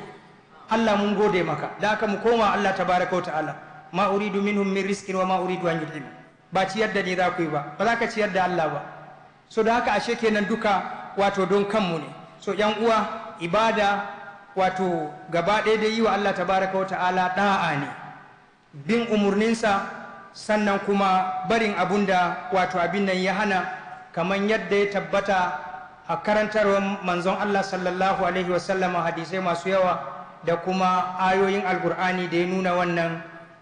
Allah mun gode maka da haka mu koma Allah tabaraka wa ta'ala ma uridu minhum min rizqin wa ma uridu an yudhim ba ciyar da ni za ku yi ba ba za ka ciyar da Allah ba so da haka ashe kenan duka wato don kanmu ne so yan uwa ibada wato gaba ɗaya da yi wa Allah tabaraka wa ta'ala da'a ne bin umarninsa sannan kuma barin abun da wato abin nan ya hana kamar yadda ya tabbata a karantarwar manzon Allah sallallahu alaihi wasallama hadisai masu yawa da kuma ayoyin alkur'ani da ya nuna wannan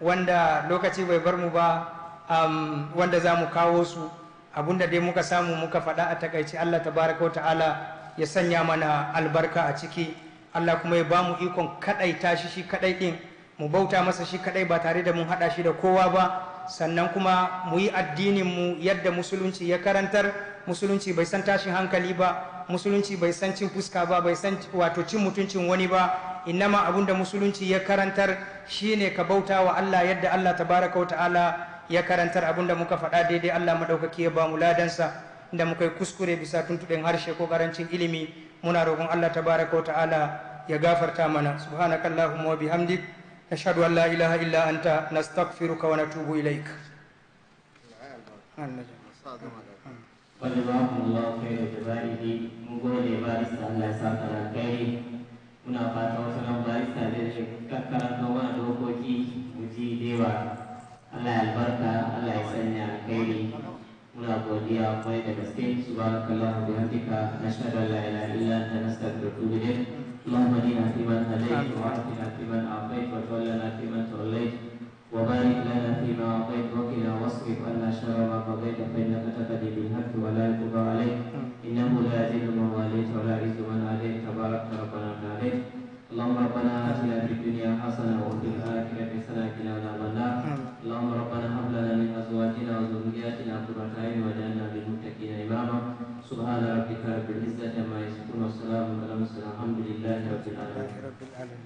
wanda lokaci bai bar mu ba wanda za mu kawo su abinda dai muka samu muka faɗa a takaici Allah tabaraka ta'ala ya sanya mana albarka a ciki Allah kuma ya ba mu ikon kaɗaita shi shi kaɗai ɗin mu bauta masa shi kadai ba tare da mun hada shi da kowa ba sannan kuma mu yi addinin mu yadda musulunci ya karantar musulunci bai san tashin hankali ba musulunci bai san cin fuska ba bai san wato cin mutuncin wani ba innama abunda musulunci ya karantar shine ka bauta wa Allah yadda Allah tabaraka wa ta'ala ya karantar da muka faɗa daidai Allah madaukaki ya ba mu ladansa da muka yi kuskure bisa tuntuɗin harshe ko karancin ilimi muna roƙon Allah tabaraka wa ta'ala ya gafarta mana subhanakallahumma wa bihamdik نشهد أن لا إله إلا أنت نستغفرك ونتوب إليك فجزاكم الله خير جزائه مقول لباريس أن لا ساتر كيري هنا فاتح وسلم باريس تدرش ككرا كوا دوكو جي مجي ديوا ألا البركة ألا إسانيا كيري نشهد أن لا إله إلا أنت نستغفرك ونتوب إليك اللهم اهدنا فيمن هديت وعافنا فيمن عافيت وتولنا فيمن توليت وبارك لنا فيما اعطيت وقنا واصرف عنا شر ما قضيت فانك تقضي بالحق ولا يقضى عليك انه لا يزيد من واليت ولا يعز من عليك تبارك ربنا عليك اللهم ربنا اتنا في الدنيا حسنه وفي الاخره حسنه وقنا عذاب النار اللهم ربنا هب لنا من ازواجنا وذرياتنا قرة عين واجعلنا للمتقين اماما سبحان ربك رب العزة ما يسكن والسلام على المرسلين الحمد لله رب العالمين